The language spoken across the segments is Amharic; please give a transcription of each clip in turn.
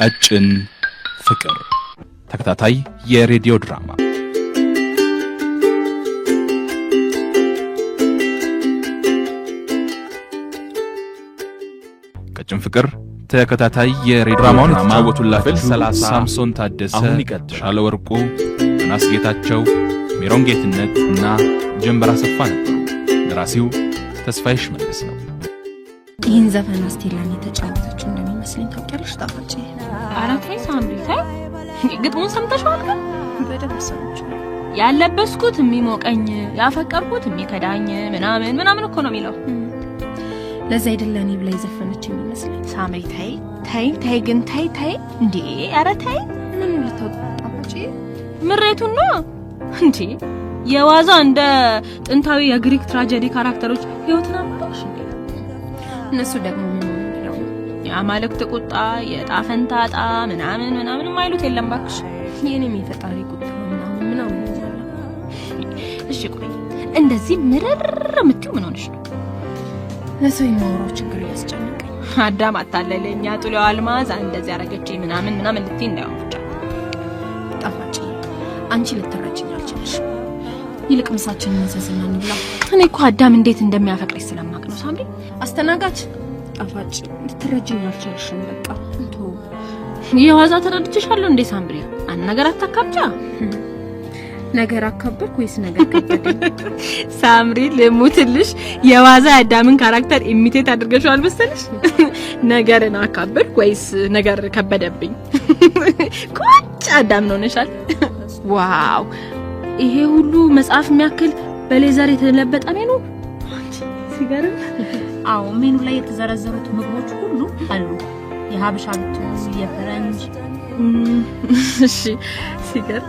ቀጭን ፍቅር ተከታታይ የሬዲዮ ድራማ ቀጭን ፍቅር ተከታታይ የሬዲዮ ድራማውን የተጫወቱላችሁ ሳምሶን ታደሰ፣ ሻለ ወርቁ፣ አናስ ጌታቸው፣ ሜሮን ጌትነት እና ጀንበር አሰፋ ነበሩ። ደራሲው ተስፋዬ ሽመልስ ነው። ይህን ዘፈን አስቴላን የተጫወተችው እንደሚመስለኝ ታውቂያለሽ። ጣፋጭ አራት ወይ ሳምሪታ ግጥሙን ሰምተሽዋል? ግን በደንብ ሰምቼ ያለበስኩት የሚሞቀኝ ያፈቀርኩት የሚከዳኝ ምናምን ምናምን እኮ ነው የሚለው። ለዛ አይደለ እኔ ብላ የዘፈነች የሚመስለኝ። ሳምሪ ታይ ታይ ታይ ግን ታይ ታይ እንዴ! ኧረ ታይ ምን ልታውቅ ጣፋጭ ምሬቱን ነው እንዴ የዋዛ እንደ ጥንታዊ የግሪክ ትራጀዲ ካራክተሮች ህይወትን አምሮሽ እነሱ ደግሞ የአማልክት ቁጣ የጣፈንታ ጣ ምናምን ምናምን ማይሉት የለም ባክሽ። የኔም የፈጣሪ ቁጣ ምናምን ምናምን እሺ ቆይ እንደዚህ ምርር የምትይው ምን ሆነሽ ነው? ለሰው የማወራው ችግር እያስጨነቀኝ አዳም አታለለኛ ጥሎ አልማዝ እንደዚህ ያረገች ምናምን ምናምን ልትይ እንዳይሆን ብቻ። ጣፋጭ አንቺ ልትረጅኝ አልችልሽ። ይልቅ ምሳችን እንሰስና እንብላ። እኔ እኮ አዳም እንዴት እንደሚያፈቅርሽ ስለማቅ ነው ሳምሪ አስተናጋጅ ጣፋጭ ልትረጅኝ አልቻልሽም። በቃ የዋዛ ተረድችሻለሁ እንዴ ሳምሪ? አንድ ነገር አታካብጫ። ነገር አካበድኩ ወይስ ነገር ከበደኝ? ሳምሪ ልሙትልሽ፣ የዋዛ የአዳምን ካራክተር ኢሚቴት አድርገሽዋል መሰለሽ። ነገርን አካበድኩ ወይስ ነገር ከበደብኝ? ቁጭ አዳም ነው ነሻል። ዋው ይሄ ሁሉ መጽሐፍ የሚያክል በሌዘር የተለበጠ ነው ሲገርም አዎ ሜኑ ላይ የተዘረዘሩት ምግቦች ሁሉ አሉ። የሀበሻ ብቱ፣ የፈረንጅ እሺ። ሲገር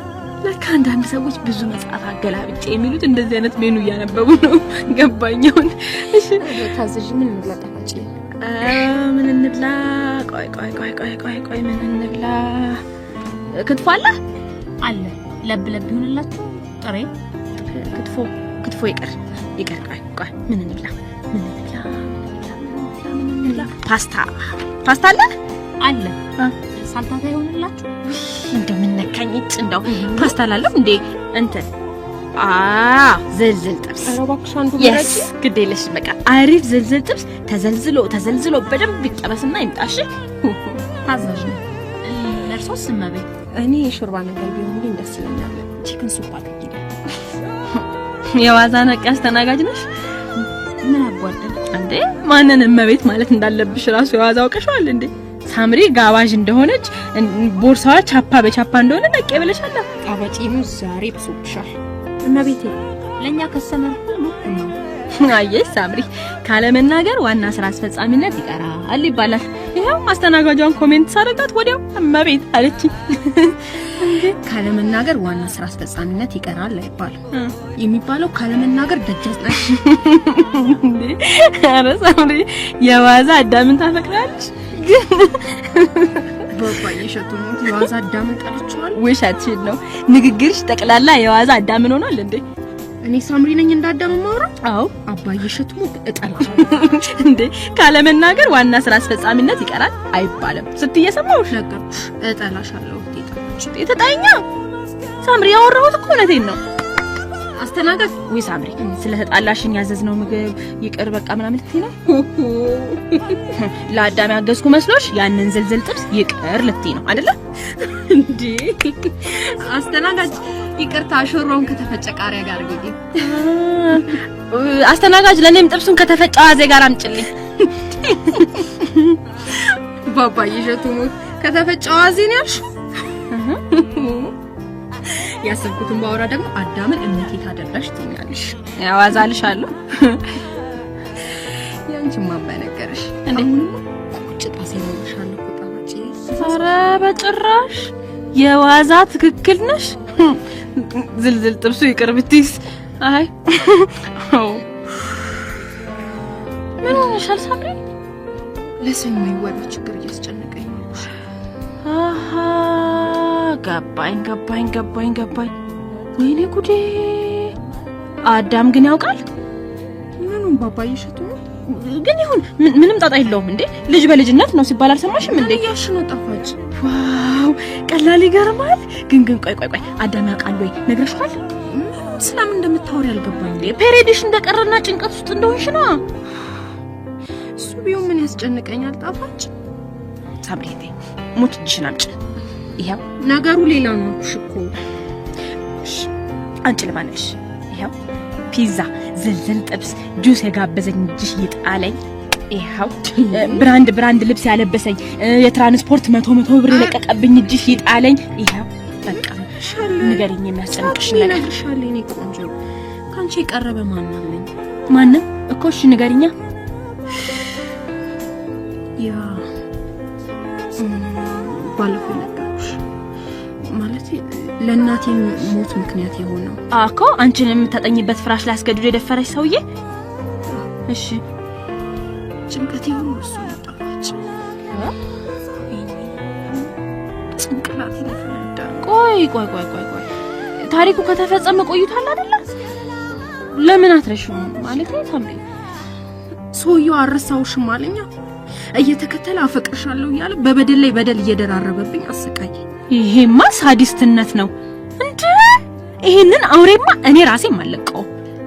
ለካ አንዳንድ ሰዎች ብዙ መጽሐፍ አገላብጬ የሚሉት እንደዚህ አይነት ሜኑ እያነበቡ ነው። ገባኛውን። እሺ ታዘዥ ምን እንላጣፋጭ ምን እንብላ? ቆይ ቆይ ቆይ ቆይ ቆይ ቆይ ምን እንብላ? ክትፎ አለ አለ። ለብ ለብ ይሆንላችሁ። ጥሬ ክትፎ ክትፎ ይቅር ይቅር። ቆይ ቆይ ምን እንብላ? ምን እንብላ ፓስታ ፓስታ አለ አለ ሳልታታ ይሆንላችሁ። እንደው እጭ እንደው ፓስታ ላለም እንዴ እንትን አ ጥብስ። ግድ የለሽ በቃ አሪፍ ዘልዘል ጥብስ ተዘልዝሎ ተዘልዝሎ በደንብ ይጠበስና ይምጣሽ። ታዛዥ ነው። ለእርሶስ ስመቤ? እኔ ሾርባ ነገር ቢሆን ደስ ይለኛል። ቺክን ሱፕ አድርጊልኝ። የዋዛ ነቃ አስተናጋጅ ነሽ። ምን አጓደ እንዴ ማንን እመቤት ማለት እንዳለብሽ ራሱ የዋዛ አውቀሽዋል እንዴ? ሳምሪ ጋባዥ እንደሆነች ቦርሳዋ ቻፓ በቻፓ እንደሆነ ነቄ ብለሻል። አባጪም ዛሬ ብሶብሻል። እመቤቴ ለኛ ከሰመር ሁሉ ነው። አየሽ ሳምሪ ካለመናገር ዋና ስራ አስፈጻሚነት ይቀራል ይባላል። ይሄው አስተናጋጇን ኮሜንት ሳረጋት ወዲያው እመቤት አለችኝ። ካለመናገር ዋና ስራ አስፈጻሚነት ይቀራል አይባልም። የሚባለው ካለመናገር ደጃዝናሽ። ኧረ ሳምሪ የዋዛ አዳምን ታፈቅራለች ግን የዋዛ አዳምን ጠልችዋል። ውሸትሽን ነው። ንግግርሽ ጠቅላላ የዋዛ አዳምን ሆኗል እንዴ? እኔ ሳምሪ ነኝ እንዳዳም ማውራ? አዎ አባዬ ሸቱ ሞት እንዴ። ካለመናገር ዋና ስራ አስፈጻሚነት ይቀራል አይባልም ስትየሰማው ነገርኩሽ። እጠላሻለሁ ያወራችሁት የተጣኛ ሳምሪ፣ ያወራሁት እኮ እውነቴን ነው። አስተናጋጅ ወይ ሳምሪ፣ ስለ ተጣላሽን ያዘዝነው ምግብ ይቅር በቃ ምናምን ልትይ ነው? ለአዳም ያገዝኩ መስሎሽ ያንን ዝልዝል ጥብስ ይቅር ልትይ ነው አይደለ? እንዴ አስተናጋጅ፣ ይቅርታ ሽሮውን ከተፈጨ ቃሪያ ጋር ግቢ። አስተናጋጅ፣ ለኔም ጥብሱን ከተፈጨ አዜ ጋር አምጭልኝ። ባባዬ ሸቱ ከተፈጨ አዜ ነው ያልሽው? ያሰብኩትን ባወራ ደግሞ አዳምን እምነቴ ታደላሽ ትኛለሽ። ያዋዛልሽ አሉ ያንቺማ ባይነገርሽ እንዴ ኧረ በጭራሽ የዋዛ ትክክል ነሽ። ዝልዝል ጥብሱ ይቅር ብትይስ። አይ ምን ሆነሻል ሳምሪ? ለሰኞ ይወራ ችግር እያስጨነቀኝ አሃ ገባኝ ገባኝ ገባኝ ገባኝ። ወይኔ ጉዴ! አዳም ግን ያውቃል። ምኑን ባባዬ እሸቱ ግን ይሁን ምንም ጣጣ የለውም እንዴ። ልጅ በልጅነት ነው ሲባል አልሰማሽም እንዴ? ያሽ ነው ጣፋጭ። ዋው ቀላል ይገርማል። ግን ግን ቆይ ቆይ ቆይ አዳም ያውቃል ወይ ነግረሽዋል? ስለምን እንደምታወሪ አልገባኝ እንዴ። ፔሬድሽ እንደቀረና ጭንቀት ውስጥ እንደሆንሽ ነው። እሱ ቢሆን ምን ያስጨንቀኛል ጣፋጭ። ሳምሬቴ ሞትሽን አምጪ ይኸው ነገሩ ሌላ ነው ሽኮ አንቺ ልማንሽ ይኸው ፒዛ፣ ዝልዝል ጥብስ፣ ጁስ የጋበዘኝ እጅሽ ይጣለኝ። ይኸው ብራንድ ብራንድ ልብስ ያለበሰኝ የትራንስፖርት መቶ መቶ ብር የለቀቀብኝ እጅሽ ይጣለኝ። ይኸው በቃ ንገሪኝ የሚያስጨንቅሽ ነገር። እኔ ቆንጆ ከአንቺ የቀረበ ማናለኝ? ማንም እኮ እሺ፣ ንገሪኛ ያ ባለፈው ለእናቴ ሞት ምክንያት የሆነው አኮ አንቺን የምታጠኝበት ፍራሽ ላይ አስገድዶ የደፈረች ሰውዬ። እሺ እሱ ቆይ ቆይ ቆይ ቆይ ቆይ ታሪኩ ከተፈጸመ ቆይቷል አይደለ? ለምን አትረሽም ማለት ነው ታምሪ ሰውየው አረሳውሽም አለኛ። እየተከተለ አፈቅርሻለሁ እያለ በበደል ላይ በደል እየደራረበብኝ አሰቃየኝ። ይሄማ ሳዲስትነት ነው እንዴ! ይሄንን አውሬማ እኔ ራሴ ማለቀው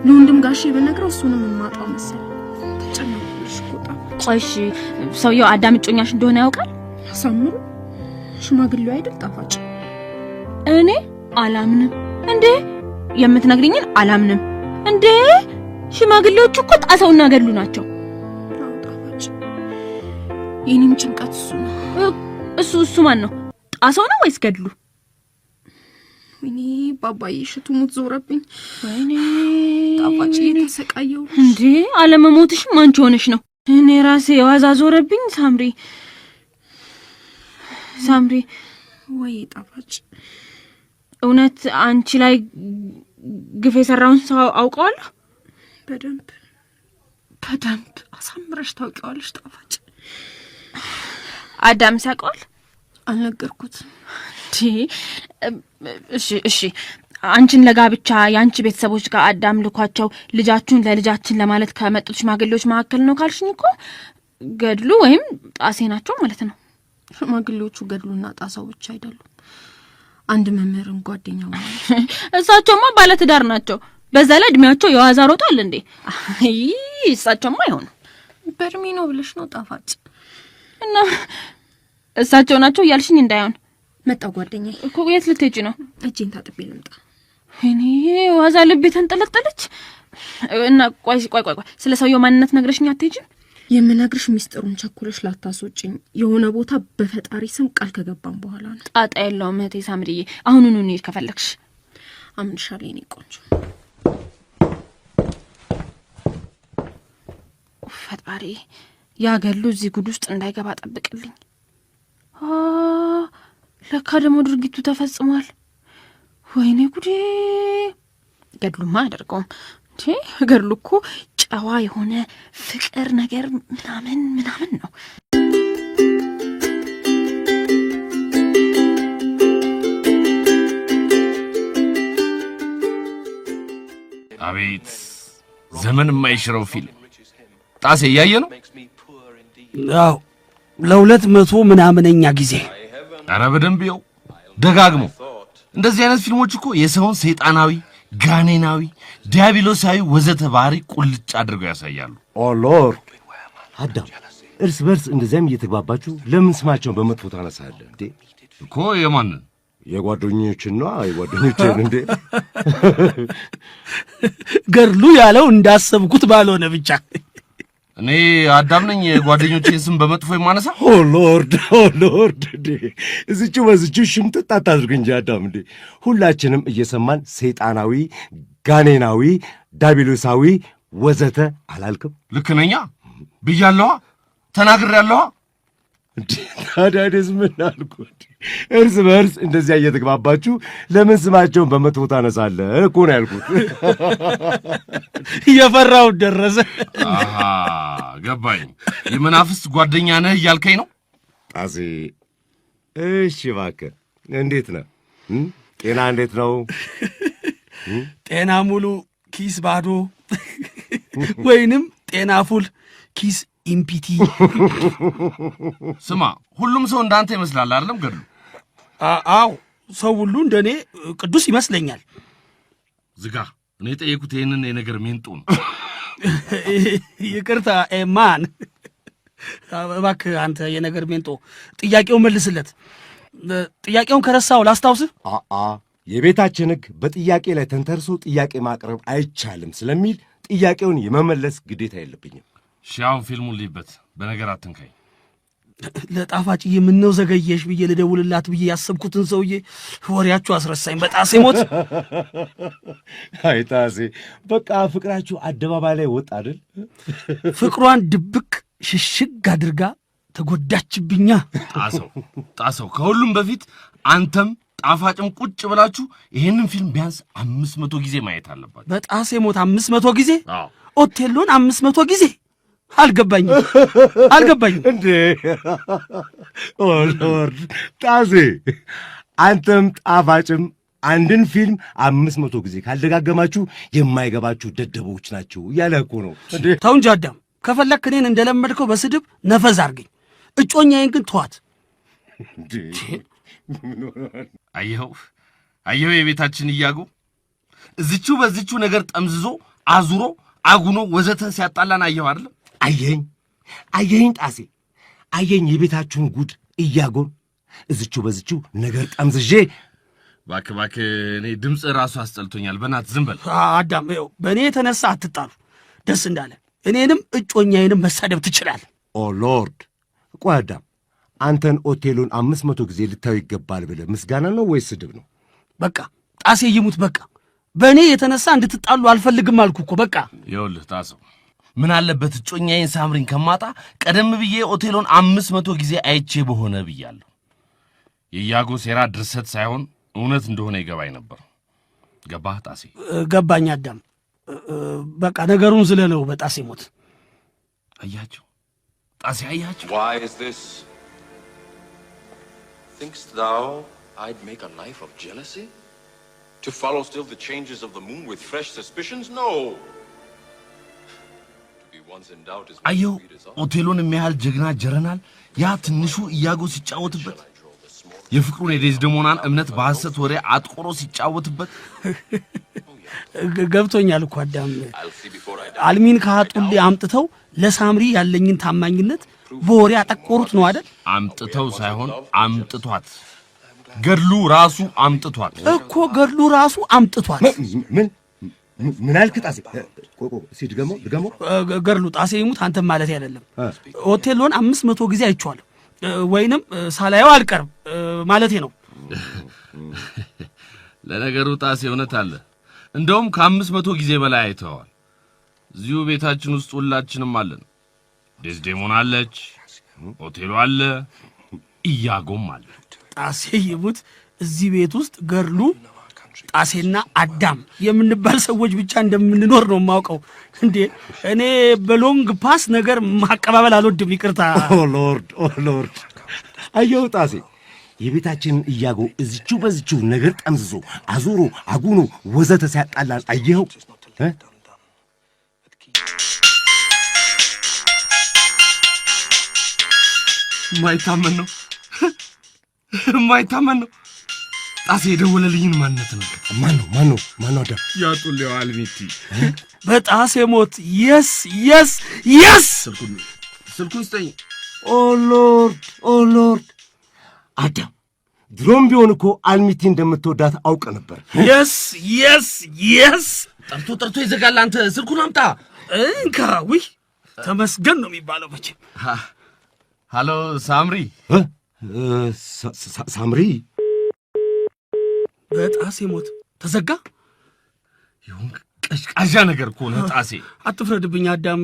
ለወንድም ጋሼ ብነግረው እሱንም የማጣው መሰለኝ። ተጨነቅሽ ቁጣ። ቆይሽ ሰውየው አዳም እጮኛሽ እንደሆነ ያውቃል? አሳምሩ ሽማግሌው አይደል ጣፋጭ። እኔ አላምንም። እንዴ የምትነግሪኝን አላምንም። እንዴ ሽማግሌዎቹ እኮ ጣሰውና ገድሉ ናቸው። ጣፋጭ የኔም ጭንቀት እሱ ነው። እሱ እሱ ማን ነው? አሳው ነው ወይስ ገድሉ? ወይኔ ባባዬ እሸቱ ሞት ዞረብኝ። ወይኔ ጣፋጭ እየተሰቃየው እንዴ! አለመሞትሽም አንቺ ሆነሽ ነው። እኔ ራሴ የዋዛ ዞረብኝ። ሳምሪ ሳምሪ፣ ወይ ጣፋጭ፣ እውነት አንቺ ላይ ግፍ የሰራውን ሰው አውቀዋለሁ። በደንብ በደንብ አሳምረሽ ታውቂዋለሽ ጣፋጭ። አዳምስ ያውቀዋል? አልነገርኩትም። እሺ እሺ አንቺን ለጋብቻ የአንቺ ቤተሰቦች ጋር አዳም ልኳቸው ልጃችሁን ለልጃችን ለማለት ከመጡት ሽማግሌዎች መካከል ነው ካልሽኝ እኮ ገድሉ ወይም ጣሴ ናቸው ማለት ነው። ሽማግሌዎቹ ገድሉና ጣሳው ብቻ አይደሉም፣ አንድ መምህርን ጓደኛው። እሳቸውማ ባለትዳር ናቸው። በዛ ላይ እድሜያቸው የዋዛ ሮጧል እንዴ? እሳቸውማ አይሆኑ። በእድሜ ነው ብለሽ ነው ጣፋጭ እና እሳቸው ናቸው እያልሽኝ እንዳይሆን መጣው። ጓደኛዬ እኮ የት ልትሄጂ ነው? እጄን ታጥቤ ልምጣ። እኔ ዋዛ ልቤ ተንጠለጠለች እና ቋይ ቋይ ቋይ፣ ስለ ሰውየው ማንነት ነግረሽኝ አትሄጂም? የምነግርሽ ሚስጥሩን ቸኩለሽ ላታስወጭኝ፣ የሆነ ቦታ በፈጣሪ ስም ቃል ከገባን በኋላ ነው። ጣጣ የለውም እህቴ ሳምሪዬ፣ አሁኑኑ እንሂድ ከፈለግሽ። አምንሻለሁ የኔ ቆንጆ። ፈጣሪ ያገሉ እዚህ ጉድ ውስጥ እንዳይገባ ጠብቅልኝ። ለካ ደግሞ ድርጊቱ ተፈጽሟል። ወይኔ ጉዴ! ገድሉማ አያደርገውም እንዴ! ገድሉ እኮ ጨዋ የሆነ ፍቅር ነገር ምናምን ምናምን ነው። አቤት ዘመን የማይሽረው ፊልም ጣሴ እያየ ነው። አዎ ለሁለት መቶ ምናምነኛ ጊዜ ኧረ በደንብ ያው ደጋግሞ እንደዚህ አይነት ፊልሞች እኮ የሰውን ሰይጣናዊ፣ ጋኔናዊ፣ ዲያብሎሳዊ ወዘተ ባህሪ ቁልጭ አድርገው ያሳያሉ። ኦሎር አዳም፣ እርስ በርስ እንደዚያም እየተግባባችሁ ለምን ስማቸውን በመጥፎ ታነሳለ እንዴ? እኮ የማንን የጓደኞችና የጓደኞችን እንዴ? ገርሉ ያለው እንዳሰብኩት ባልሆነ ብቻ እኔ አዳም ነኝ የጓደኞቼን ስም በመጥፎ የማነሳ። ኦ ሎርድ ኦ ሎርድ እንዴ! እዝቹ በዝቹ ሽምጥጥ አታድርግ እንጂ አዳም እንዴ! ሁላችንም እየሰማን ሰይጣናዊ፣ ጋኔናዊ፣ ዳቢሎሳዊ ወዘተ አላልክም? ልክ ነኛ ብያለዋ፣ ያለዋ ታዲያ እኔስ ምን አልኩት? እርስ በእርስ እንደዚያ እየተግባባችሁ ለምን ስማቸውን በመቶ ታነሳለህ እኮ ነው ያልኩት። እየፈራው ደረሰ። ገባኝ። የመናፍስት ጓደኛ ነህ እያልከኝ ነው ጣሴ? እሺ እባክህ፣ እንዴት ነህ? ጤና እንዴት ነው? ጤና ሙሉ ኪስ ባዶ ወይንም ጤና ፉል ኪስ ኢምፒቲ ስማ፣ ሁሉም ሰው እንዳንተ ይመስላል አይደለም? ገድሉ አዎ፣ ሰው ሁሉ እንደኔ ቅዱስ ይመስለኛል። ዝጋ። እኔ ጠየኩት ይህንን የነገር ሜንጦ ነው። ይቅርታ ማን እባክህ፣ አንተ የነገር ሜንጦ ጥያቄውን መልስለት። ጥያቄውን ከረሳው ላስታውስህ። የቤታችን ሕግ በጥያቄ ላይ ተንተርሶ ጥያቄ ማቅረብ አይቻልም ስለሚል ጥያቄውን የመመለስ ግዴታ የለብኝም። ሺያውን ፊልሙን ሊበት በነገር አትንካኝ። ለጣፋጭ የምነው ዘገየሽ ብዬ ልደውልላት ብዬ ያሰብኩትን ሰውዬ ወሬያችሁ አስረሳኝ። በጣሴ ሞት አይ ጣሴ፣ በቃ ፍቅራችሁ አደባባይ ላይ ወጣ አይደል? ፍቅሯን ድብቅ ሽሽግ አድርጋ ተጎዳችብኛ። ጣሰው ጣሰው፣ ከሁሉም በፊት አንተም ጣፋጭም ቁጭ ብላችሁ ይሄንን ፊልም ቢያንስ አምስት መቶ ጊዜ ማየት አለባችሁ። በጣሴ ሞት አምስት መቶ ጊዜ ኦቴሎን አምስት መቶ ጊዜ አልገባኝም አልገባኝም። እንዴ ኦሎርድ ጣሴ አንተም ጣፋጭም አንድን ፊልም አምስት መቶ ጊዜ ካልደጋገማችሁ የማይገባችሁ ደደቦች ናቸው እያለ እኮ ነው። ተው እንጂ አዳም፣ ከፈለክ እኔን እንደለመድከው በስድብ ነፈዝ አርገኝ፣ እጮኛዬን ግን ተዋት። አየኸው አየኸው፣ የቤታችን እያጉ እዚቹ በዚቹ ነገር ጠምዝዞ አዙሮ አጉኖ ወዘተ ሲያጣላን አየኸው አይደለም? አየኝ አየኝ ጣሴ አየኝ የቤታችሁን ጉድ እያጎን እዝችው በዝችው ነገር ጠምዝዤ ባክ ባክ እኔ ድምፅ ራሱ አስጠልቶኛል በናት ዝም በል አዳም ው በእኔ የተነሳ አትጣሉ ደስ እንዳለ እኔንም እጮኛዬንም መሳደብ ትችላል ኦ ሎርድ እቆ አዳም አንተን ኦቴሎን አምስት መቶ ጊዜ ልታዩ ይገባል ብለ ምስጋና ነው ወይስ ስድብ ነው በቃ ጣሴ ይሙት በቃ በእኔ የተነሳ እንድትጣሉ አልፈልግም አልኩ እኮ በቃ ይኸውልህ ጣሰው ምን አለበት እጮኛዬን ሳምሪን ከማጣ ቀደም ብዬ ኦቴሎን አምስት መቶ ጊዜ አይቼ በሆነ ብያለሁ። የያጎ ሴራ ድርሰት ሳይሆን እውነት እንደሆነ ይገባኝ ነበር። ገባህ ጣሴ? ገባኝ አዳም። በቃ ነገሩን ዝለለው በጣሴ ሞት። አያቸው ጣሴ፣ አያቸው ስ አየው ኦቴሎን የሚያህል ጀግና ጀረናል ያ ትንሹ ኢያጎ ሲጫወትበት የፍቅሩን የዴዝደሞናን እምነት በሐሰት ወሬ አጥቆሮ ሲጫወትበት ገብቶኛል እኮ አዳም። አልሚን ከሀጡሌ አምጥተው ለሳምሪ ያለኝን ታማኝነት በወሬ አጠቆሩት ነው አደል አምጥተው ሳይሆን አምጥቷት፣ ገድሉ ራሱ አምጥቷት እኮ ገድሉ ራሱ አምጥቷት። ምን ምን አልክ ጣሴ? ቆቆ እስኪ ድገሞ ድገሞ። ገርሉ ጣሴ ይሙት አንተ ማለት አይደለም። ኦቴሎን አምስት መቶ ጊዜ አይቼዋለሁ፣ ወይንም ሳላየው አልቀርም ማለቴ ነው። ለነገሩ ጣሴ እውነት አለ። እንደውም ከአምስት መቶ ጊዜ በላይ አይተዋል። እዚሁ ቤታችን ውስጥ ሁላችንም አለን። ዴዝዴሞን አለች፣ ኦቴሎ አለ፣ ኢያጎም አለ። ጣሴ ይሙት እዚህ ቤት ውስጥ ገርሉ ጣሴና አዳም የምንባል ሰዎች ብቻ እንደምንኖር ነው የማውቀው። እንዴ እኔ በሎንግ ፓስ ነገር ማቀባበል አልወድም። ይቅርታ። ኦሎርድ ኦሎርድ፣ አየው ጣሴ የቤታችን እያጎ እዚቹ በዚችው ነገር ጠምዝዞ አዙሮ አጉኖ ወዘተ ሲያጣላን አየኸው። ማይታመን ነው፣ ማይታመን ነው። ጣሴ የደወለልኝን ማንነት ነው። ማኑ ማኑ ማነው? አዳ ያጡልው አልሚቲ በጣሴ ሞት የስ የስ የስ ስልኩን ስልኩን ስጠኝ። ኦ ሎርድ ኦ ሎርድ አዳም ድሮም ቢሆን እኮ አልሚቲ እንደምትወዳት አውቀ ነበር። የስ የስ የስ ጠርቶ ጠርቶ ይዘጋል። አንተ ስልኩን አምጣ እንካ። ውይ ተመስገን ነው የሚባለው መቼም። ሃሎ ሳምሪ ሳምሪ በጣሴ ሞት ተዘጋ ይሁን ቀዥቃዣ ነገር እኮ ነው ጣሴ። አትፍረድብኝ አዳም።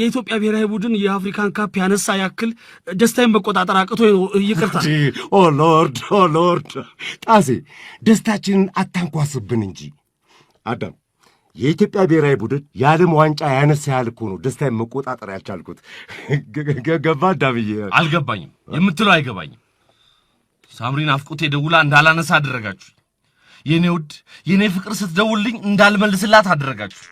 የኢትዮጵያ ብሔራዊ ቡድን የአፍሪካን ካፕ ያነሳ ያክል ደስታዬን መቆጣጠር አቅቶ ይቅርታ። ኦ ሎርድ ኦ ሎርድ ጣሴ፣ ደስታችንን አታንኳስብን እንጂ አዳም። የኢትዮጵያ ብሔራዊ ቡድን የዓለም ዋንጫ ያነሳ ያህል እኮ ነው ደስታ መቆጣጠር ያልቻልኩት። ገባ አዳምዬ? አልገባኝም። የምትለው አይገባኝም። ሳምሪን አፍቁቴ ደውላ እንዳላነሳ አደረጋችሁ። የኔ ውድ የኔ ፍቅር ስትደውልኝ እንዳልመልስላት አደረጋችሁ።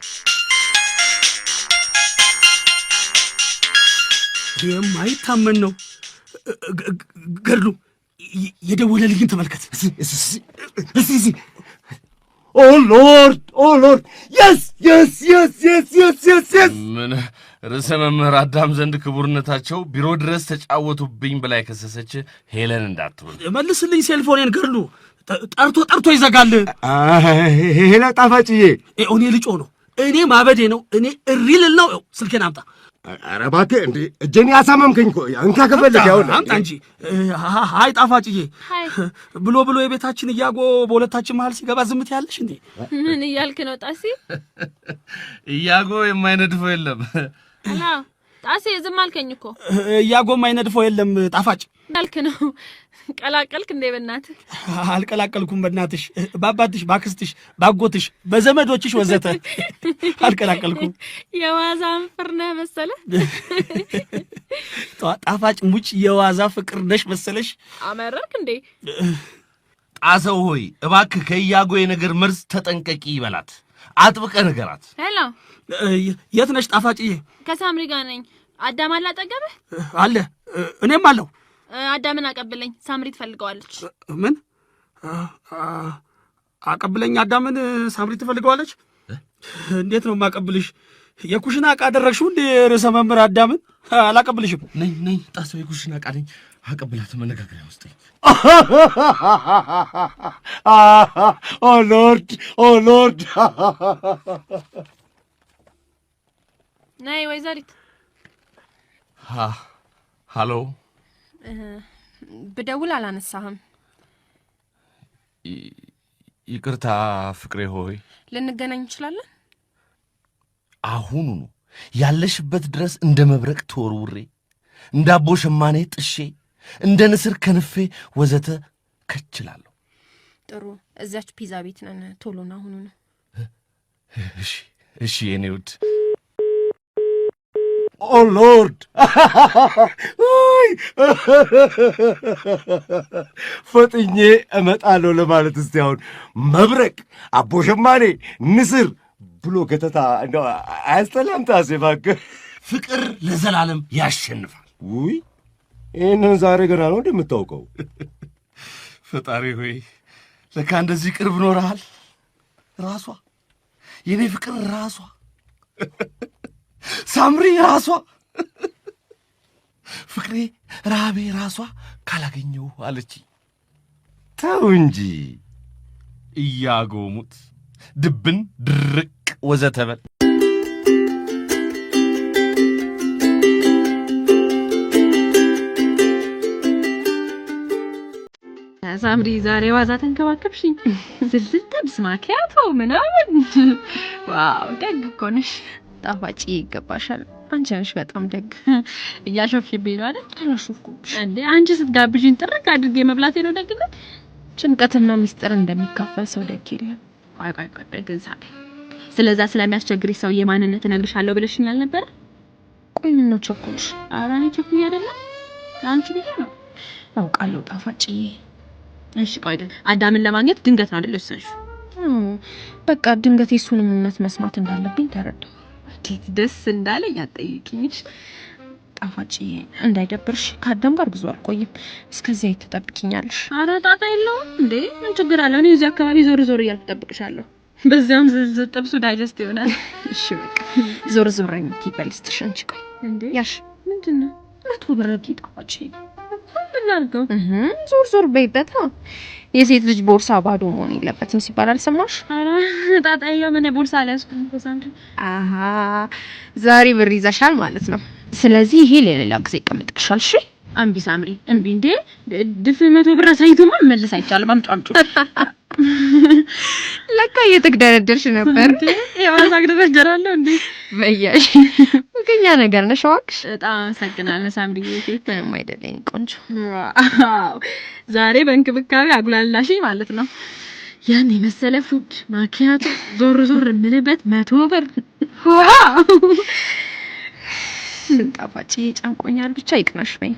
የማይታመን ነው ገድሉ። የደወለልኝን ተመልከት። ኦ ሎርድ ኦ ሎርድ! የስ የስ የስ የስ የስ የስ የስ ምን ርዕሰ መምህር አዳም ዘንድ ክቡርነታቸው ቢሮ ድረስ ተጫወቱብኝ ብላ የከሰሰች ሄለን እንዳትሆን መልስልኝ ሴልፎኔን ገድሉ። ጠርቶ ጠርቶ ይዘጋል። ሄላ ጣፋጭዬ፣ እኔ ልጮ ነው እኔ ማበዴ ነው እኔ እሪልል ነው። ስልኬን አምጣ። ኧረ እባክህ እንደ እጄን ያሳመምከኝ እንካ ከፈለግ ያሁን አምጣ እንጂ። ሀይ ጣፋጭዬ ብሎ ብሎ የቤታችን እያጎ በሁለታችን መሀል ሲገባ ዝምት ያለሽ እንዴ? ምን እያልክ ነው ጣሲ? እያጎ የማይነድፈው የለም ጣሴ ዝም አልከኝ እኮ እያጎማ ይነድፎ የለም ጣፋጭ እንዳልክ ነው። ቀላቀልክ እንዴ? በእናትህ አልቀላቀልኩም። በእናትሽ በአባትሽ፣ ባክስትሽ፣ ባጎትሽ፣ በዘመዶችሽ ወዘተ አልቀላቀልኩም። የዋዛ ፍቅር ነህ መሰለህ። ጣፋጭ ሙጭ የዋዛ ፍቅር ነሽ መሰለሽ። አመረርክ እንዴ? ጣሰው ሆይ እባክህ ከእያጎ የነገር መርዝ ተጠንቀቂ ይበላት። አጥብቀ ነገራት። ሄሎ፣ የት ነሽ ጣፋጭዬ? ከሳምሪ ጋር ነኝ። አዳም አለ አጠገብህ? አለ። እኔም አለሁ። አዳምን አቀብለኝ፣ ሳምሪ ትፈልገዋለች። ምን አቀብለኝ? አዳምን ሳምሪ ትፈልገዋለች? እንዴት ነው የማቀብልሽ? የኩሽና ዕቃ አደረግሽው እንዴ? ርዕሰ መምህር አዳምን አላቀብልሽም። ነኝ ነኝ፣ ጣሰው የኩሽና ዕቃ ነኝ። አቀብላት መነጋገሪያ ውስጥ ኦሎርድ ኦሎርድ ኦ ነይ ወይዘሪት ሀሎ ብደውል አላነሳህም። ይቅርታ ፍቅሬ ሆይ። ልንገናኝ እንችላለን? አሁኑኑ ያለሽበት ድረስ እንደ መብረቅ ተወርውሬ፣ እንደ አቦ ሸማኔ ጥሼ፣ እንደ ንስር ከንፌ ወዘተ ከችላለሁ። ጥሩ፣ እዚያች ፒዛ ቤት ነን። ቶሎን አሁኑ ነው። እሺ፣ እሺ የኔ ውድ ኦ oh, ሎርድ ፈጥኜ እመጣለሁ ለማለት እስቲ አሁን መብረቅ፣ አቦ ሸማኔ፣ ንስር ብሎ ገተታ አያስጠላም? ጣሴ እባክህ፣ ፍቅር ለዘላለም ያሸንፋል። ውይ ይህንን ዛሬ ገና ነው እንደምታውቀው። ፈጣሪ ሆይ ለካ እንደዚህ ቅርብ ኖረሃል። ራሷ የኔ ፍቅር ራሷ ሳምሪ ራሷ ፍቅሬ ራቤ ራሷ ካላገኘው አለች። ተው እንጂ እያጎሙት ድብን ድርቅ ወዘተበል ሳምሪ ዛሬ ዋዛ ተንከባከብሽኝ። ዝልዝል ጥብስ ማኪያቶ ምናምን ዋው፣ ደግ እኮ ነሽ። ጣፋጭ ይገባሻል፣ አንቺ ነሽ በጣም ደግ እያሾፍሽብኝ ነው አይደል? አላሾፍኩብሽ እንዴ አንቺ ስትጋብዥኝ ጥርቅ አድርጌ መብላቴ ነው ደግነት። ጭንቀትና ምስጢር እንደሚካፈል ሰው ደግ የለም። ቆይ ቆይ ቆይ ግን ስለዛ ስለሚያስቸግሪ ሰው የማንነት እነግርሻለሁ ብለሽኛል ነበር? ቆይ ምን ነው ቸኮልሽ? ኧረ እኔ ቸኩዬ አይደለም ለአንቺ ብዬሽ ነው። አውቃለሁ ጣፋጭዬ። እሺ ቆይ ግን አዳምን ለማግኘት ድንገት ነው አይደል ወሰንሽ? በቃ ድንገት የሱንም እውነት መስማት እንዳለብኝ ተረዳሁ። እንዴት ደስ እንዳለኝ አጠይቅኝሽ። ጣፋጭ እንዳይደብርሽ ከአዳም ጋር ብዙ አልቆይም። እስከዚያ ትጠብቂኛለሽ? ኧረ ጣጣ የለውም እንዴ ምን ችግር አለው? እኔ እዚህ አካባቢ ዞር ዞር እያልኩ እጠብቅሻለሁ። በዚያም ጥብሱ ዳይጀስት ይሆናል። እሺ በቃ ዞር ዞር የምትይበልስትሽ እንጂ ቆይ እንዴ ያሽ ምንድን ነው መቶ ብር ጣፋጭዬ ዞር ዞር በይበታ። የሴት ልጅ ቦርሳ ባዶ መሆን የለበትም ሲባል አልሰማሽ? አሀ ዛሬ ብር ይዘሻል ማለት ነው። ስለዚህ ይሄ ለሌላ ጊዜ ይቀመጥልሻል። እሺ? እምቢ ሳምሪ እምቢ። እንዴ ድፍ መቶ ብር አሳይቶማ መመለስ አይቻልም። አምጪ አምጪ ለካ እየተግደረደርሽ ነበር። ያማዛግደረደራለሁ እንዴ በያሽ ምክኛ ነገር ነሽ። እባክሽ በጣም አመሰግናለሁ ሳምሪ። ምንም አይደለኝ ቆንጆ። ዛሬ በእንክብካቤ አጉላላሽኝ ማለት ነው። ያን የመሰለ ፉድ ማኪያቶ ዞር ዞር የምልበት መቶ ብር ስንጣፋጭ ጨንቆኛል። ብቻ ይቅናሽ ወይ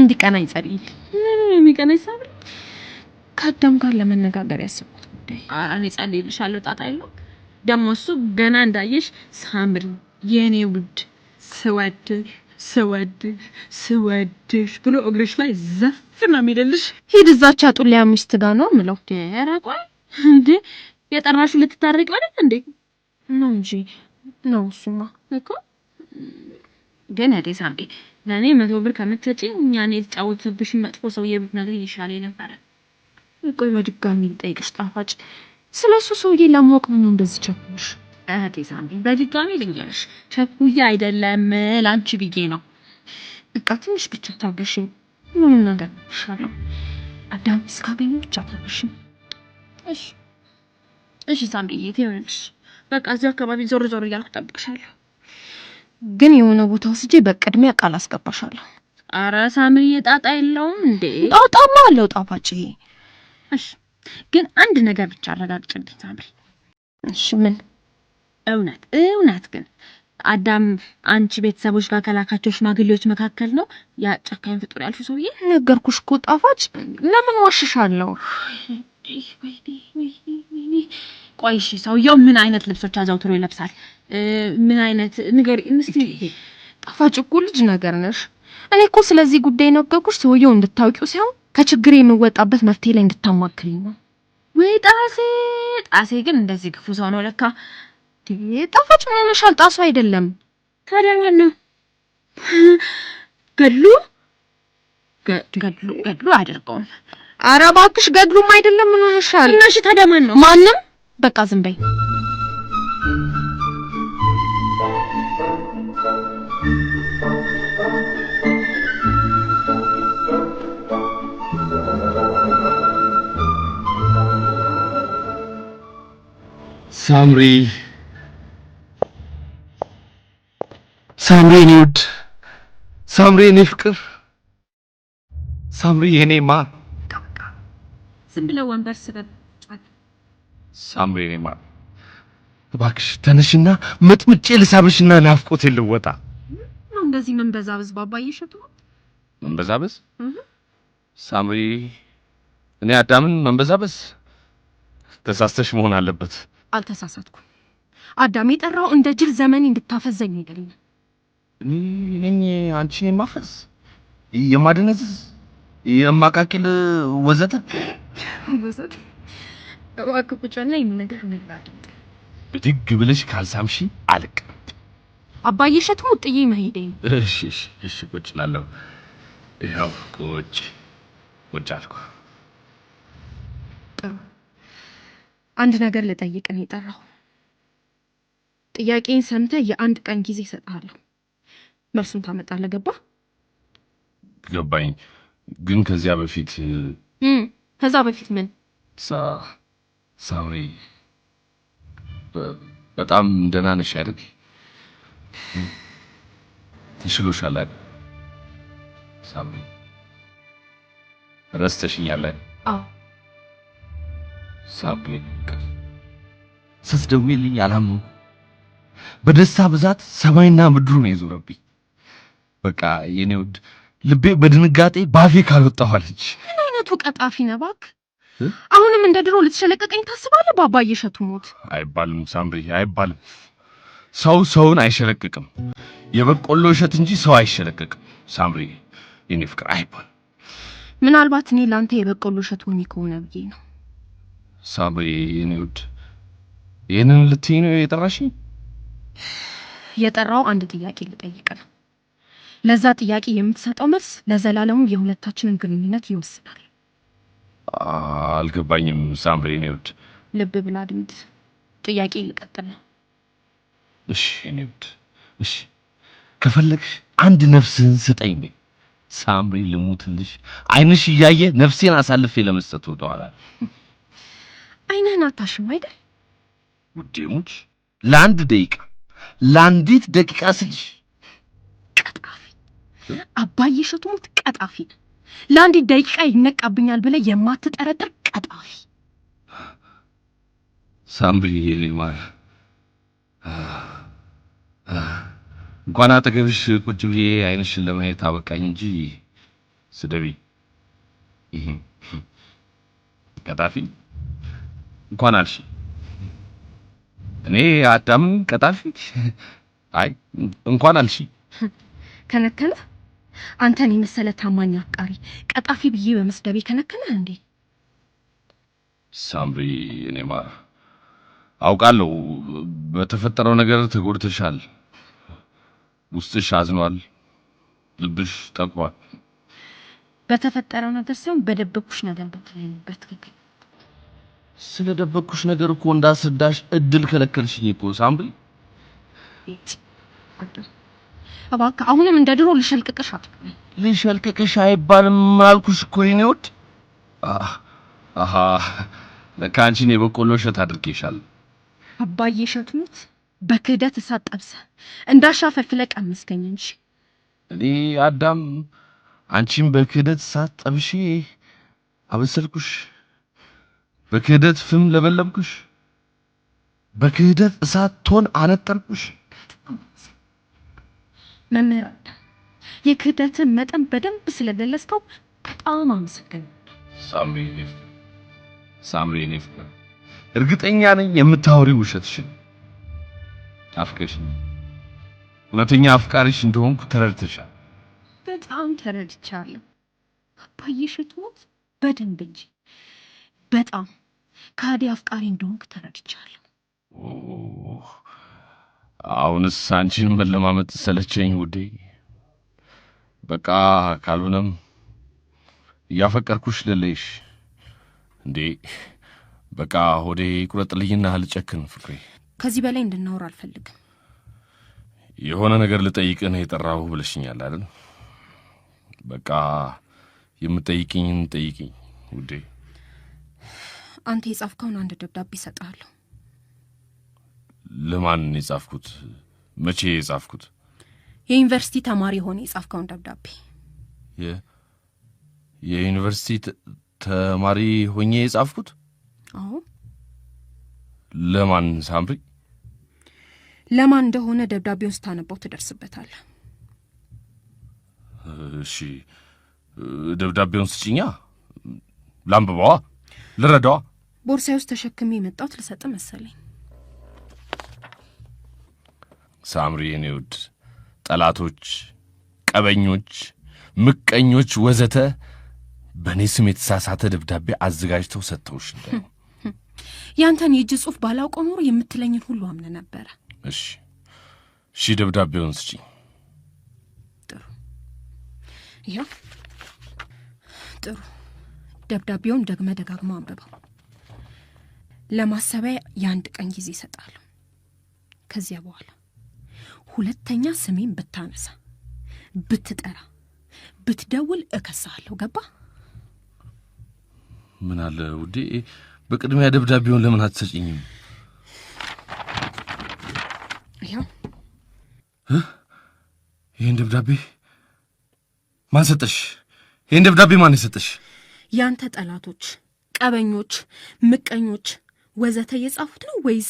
እንዲቀናኝ ጸልይ። ምን የሚቀናኝ ሳምሪ ከአዳም ጋር ለመነጋገር ያሰብኩት ጉዳይ እኔ ጸልይልሻለሁ፣ ጣጣ የለውም። ደግሞ እሱ ገና እንዳየሽ ሳምሪ፣ የእኔ ውድ፣ ስወድሽ ስወድሽ ስወድሽ ብሎ እግርሽ ላይ ዘፍ ነው የሚልልሽ። ሂድ እዛች አጡሊያ ሚስት ጋር ነው ምለው። ኧረ ቆይ እንዴ የጠራሹ ልትታረቂ ማለት እንዴ? ነው እንጂ ነው እሱማ እኮ ግን እቴ ሳምሪ ለእኔ መቶ ብር ከምትሰጪ እኛን የተጫወተብሽ መጥፎ ሰውዬ ብትነግሪኝ ይሻለኝ ነበረ። ቆይ በድጋሚ እንጠይቅሽ ጣፋጭ፣ ስለ እሱ ሰውዬ ለማወቅ ምን እንደዚህ ቸኩሽ? እህቴ ሳሚ፣ በድጋሚ ልንገርሽ ቸኩዬ አይደለም ለአንቺ ብዬ ነው። በቃ ትንሽ ብቻ ታገሽ። ምን ነገር ይሻለው? አዳም እስካገኘሁ ብቻ ታገሽ። እሺ እሺ ሳሚዬ፣ ትሆንሽ በቃ እዚህ አካባቢ ዞር ዞር እያልኩ እጠብቅሻለሁ። ግን የሆነ ቦታ ወስጄ በቅድሚያ ቃል አስገባሻለሁ። አረ ሳሚዬ፣ ጣጣ የለውም እንዴ? ጣጣማ አለው ጣፋጭ። ይሄ እሺ፣ ግን አንድ ነገር ብቻ አረጋግጭልኝ ሳምሪ። እሺ፣ ምን? እውነት እውነት ግን አዳም አንቺ ቤተሰቦች ጋር ከላካቸው ሽማግሌዎች መካከል ነው ያ ጨካኝ ፍጡር ያልሽው ሰውዬ? ነገርኩሽ እኮ ጣፋጭ፣ ለምን ዋሽሻለሁ? ቆይ እሺ፣ ሰውየው ምን አይነት ልብሶች አዘውትሮ ይለብሳል? ምን አይነት ነገር እስኪ ጣፋጭ እኮ ልጅ ነገር ነሽ። እኔ እኮ ስለዚህ ጉዳይ ነገርኩሽ ሰውየው እንድታውቂው ሳይሆን ከችግር የምወጣበት መፍትሄ ላይ እንድታማክሪ ነው። ወይ ጣሴ ጣሴ ግን እንደዚህ ክፉ ሰው ነው ለካ። ጣፋጭ ምን ሆነሻል? ጣሱ አይደለም ታዲያ ማን ነው? ገድሉ ገድሉ ገድሉ አድርገውም። ኧረ እባክሽ ገድሉም አይደለም። ምን ሆነሻል? እና እሺ ታዲያ ማን ነው? ማንም። በቃ ዝም በይ። ሳምሪ ሳምሪ የኔ ውድ ሳምሪ የኔ ፍቅር ሳምሪ የኔ ማር ዝም ብለው ወንበር ስበብ ሳምሪ የኔ ማር እባክሽ ተነሽና መጥምጬ ልሳብሽና ናፍቆት ልወጣ ነው። እንደዚህ መንበዛበዝ ባባዬ እሸቱ መንበዛበዝ ሳምሪ እኔ አዳምን መንበዛበዝ ተሳስተሽ መሆን አለበት። አልተሳሳትኩም። አዳም የጠራው እንደ ጅል ዘመን እንድታፈዘኝ አይደለም። እኔ አንቺ የማፈዝ የማደነዝዝ የማቃቂል ወዘተ ወዘተ እባክህ ቁጭ በልና ነገር እንላለን። ብድግ ብለሽ ካልሳምሺ አልቅ አባዬ እሸቱ ጥዬ መሄዴ ነው። እሺ እሺ እሺ፣ ቁጭ እላለሁ። ያው ቁጭ ቁጭ አልኩ። አንድ ነገር ልጠይቅን የጠራሁ ጥያቄን ሰምተህ የአንድ ቀን ጊዜ እሰጥሃለሁ። መልሱን ታመጣለህ። ገባ? ገባኝ። ግን ከዚያ በፊት ከዛ በፊት ምን ሳ ሳሪ፣ በጣም ደህና ነሽ አይደል? ይሽሎሻል አይደል? ሳሪ፣ አዎ ሳቢ ስትደውይልኝ አላመንኩም። በደስታ ብዛት ሰማይና ምድሩ ነው የዞረብኝ። በቃ የኔ ውድ ልቤ በድንጋጤ ባፌ ካልወጣዋለች። ምን አይነቱ ቀጣፊ ነህ እባክህ! አሁንም እንደ ድሮ ልትሸለቀቀኝ ታስባለህ? ባባ እየሸቱ ሞት አይባልም፣ ሳምሪ አይባልም። ሰው ሰውን አይሸለቅቅም። የበቆሎ እሸት እንጂ ሰው አይሸለቅቅም። ሳምሪ የኔ ፍቅር አይባልም። ምናልባት እኔ ለአንተ የበቆሎ እሸት ሆኜ ከሆነ ብዬ ነው ሳበይ የኔ ውድ፣ ይህንን ልትይ ነው የጠራሽ? የጠራው አንድ ጥያቄ ልጠይቅ ነው። ለዛ ጥያቄ የምትሰጠው መልስ ለዘላለሙ የሁለታችንን ግንኙነት ይወስናል። አልገባኝም ሳምሬ የኔ ውድ። ልብ ብላ ድምድ ጥያቄ ልቀጥል ነው። እሺ የኔ ውድ፣ እሺ ከፈለግሽ አንድ ነፍስህን ስጠኝ በይ። ሳምሪ ልሙትልሽ፣ አይንሽ እያየ ነፍሴን አሳልፌ ለመስጠት ወደኋላ አይንህን አታሽም አይደል ውዴሞች ለአንድ ደቂቃ ለአንዲት ደቂቃ ስልሽ ቀጣፊ አባዬ እሸቱ ሙት ቀጣፊ፣ ለአንዲት ደቂቃ ይነቃብኛል ብለህ የማትጠረጥር ቀጣፊ ሳምብዬ ሌማ እንኳን አጠገብሽ ቁጭ ብዬ አይንሽን ለማየት አበቃኝ እንጂ ስደቢ ቀጣፊ እንኳን አልሽ። እኔ አዳም ቀጣፊ? አይ እንኳን አልሽ። ከነከለ አንተን የመሰለ ታማኝ አፍቃሪ ቀጣፊ ብዬ በመስደቤ ከነከለ እንዴ? ሳምሪ፣ እኔማ አውቃለሁ በተፈጠረው ነገር ተጎድተሻል። ውስጥሽ አዝኗል፣ ልብሽ ጠቅሟል። በተፈጠረው ነገር ሳይሆን በደበቁሽ ነገር በትክክል ስለደበቅኩሽ ነገር እኮ እንዳስረዳሽ እድል ከለከልሽኝ እኮ ሳምሪ። እባክህ አሁንም እንደ ድሮ ልሸልቅቅሽ አትበል። ልሸልቅቅሽ አይባልም አልኩሽ እኮ የኔ ውድ። አሃ ለካ ነው የበቆሎ እሸት አድርጌሻል። አባዬ እሸቱት በክህደት እሳት ጠብሰህ እንዳሻፈፍለህ ቀመስከኝ እንጂ እኔ አዳም አንቺም በክህደት እሳት ጠብሼ አበሰልኩሽ። በክህደት ፍም ለበለብኩሽ፣ በክህደት እሳት ቶን አነጠልኩሽ። መምህር የክህደትን መጠን በደንብ ስለደለስከው በጣም አመሰግን። ሳምሪ፣ እኔ እርግጠኛ ነኝ የምታወሪው ውሸትሽን አፍቀሽ እውነተኛ አፍቃሪሽ እንደሆንኩ ተረድተሻል። በጣም ተረድቻለሁ። ባየሽት ሞት በደንብ እንጂ በጣም ከሃዲ አፍቃሪ እንደሆንክ ተረድቻለሁ። አሁንስ አንቺን መለማመጥ ሰለቸኝ ውዴ። በቃ ካልሆነም እያፈቀርኩሽ ልለይሽ እንዴ። በቃ ሆዴ ቁረጥልኝና ልጨክን ፍቅሬ። ከዚህ በላይ እንድናወር አልፈልግም። የሆነ ነገር ልጠይቅን የጠራሁ ብለሽኛል አይደል? በቃ የምጠይቅኝን ጠይቅኝ ውዴ። አንተ የጻፍከውን አንድ ደብዳቤ እሰጥሃለሁ። ለማን የጻፍኩት? መቼ የጻፍኩት? የዩኒቨርሲቲ ተማሪ የሆነ የጻፍከውን ደብዳቤ። የዩኒቨርሲቲ ተማሪ ሆኜ የጻፍኩት? አዎ። ለማን ሳምሪ? ለማን እንደሆነ ደብዳቤውን ስታነባው ትደርስበታለህ። እሺ፣ ደብዳቤውን ስጭኛ፣ ላንብበዋ፣ ልረዳዋ። ቦርሳዬ ውስጥ ተሸክሜ የመጣሁት ልሰጥ መሰለኝ። ሳምሪ እኔ ውድ ጠላቶች፣ ቀበኞች፣ ምቀኞች ወዘተ በእኔ ስም የተሳሳተ ደብዳቤ አዘጋጅተው ሰጥተውሽ እንደ ያንተን የእጅ ጽሑፍ ባላውቀ ኖሮ የምትለኝን ሁሉ አምነ ነበረ። እሺ እሺ፣ ደብዳቤውን ስጪኝ። ጥሩ ይኸው፣ ጥሩ ደብዳቤውን ደግመ ደጋግመው አንብበው። ለማሰቢያ የአንድ ቀን ጊዜ ይሰጣሉ ከዚያ በኋላ ሁለተኛ ስሜን ብታነሳ፣ ብትጠራ፣ ብትደውል እከሳለሁ። ገባ? ምን አለ ውዴ፣ በቅድሚያ ደብዳቤውን ለምን አትሰጭኝም? ያው ይህን ደብዳቤ ማን ሰጠሽ? ይህን ደብዳቤ ማን የሰጠሽ? ያንተ ጠላቶች፣ ቀበኞች፣ ምቀኞች ወዘተ የጻፉት ነው ወይስ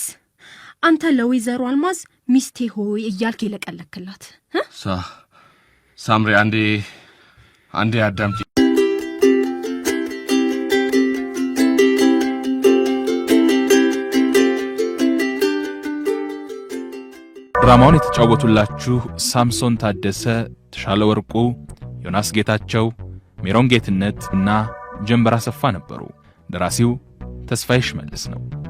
አንተ ለወይዘሮ አልማዝ ሚስቴ ሆይ እያልክ የለቀለክላት ሳምሪ? አንዴ አንዴ አዳምጪ። ድራማውን የተጫወቱላችሁ ሳምሶን ታደሰ፣ ተሻለ ወርቁ፣ ዮናስ ጌታቸው፣ ሜሮን ጌትነት እና ጀንበር አሰፋ ነበሩ። ደራሲው ተስፋ ይሽመልስ ነው።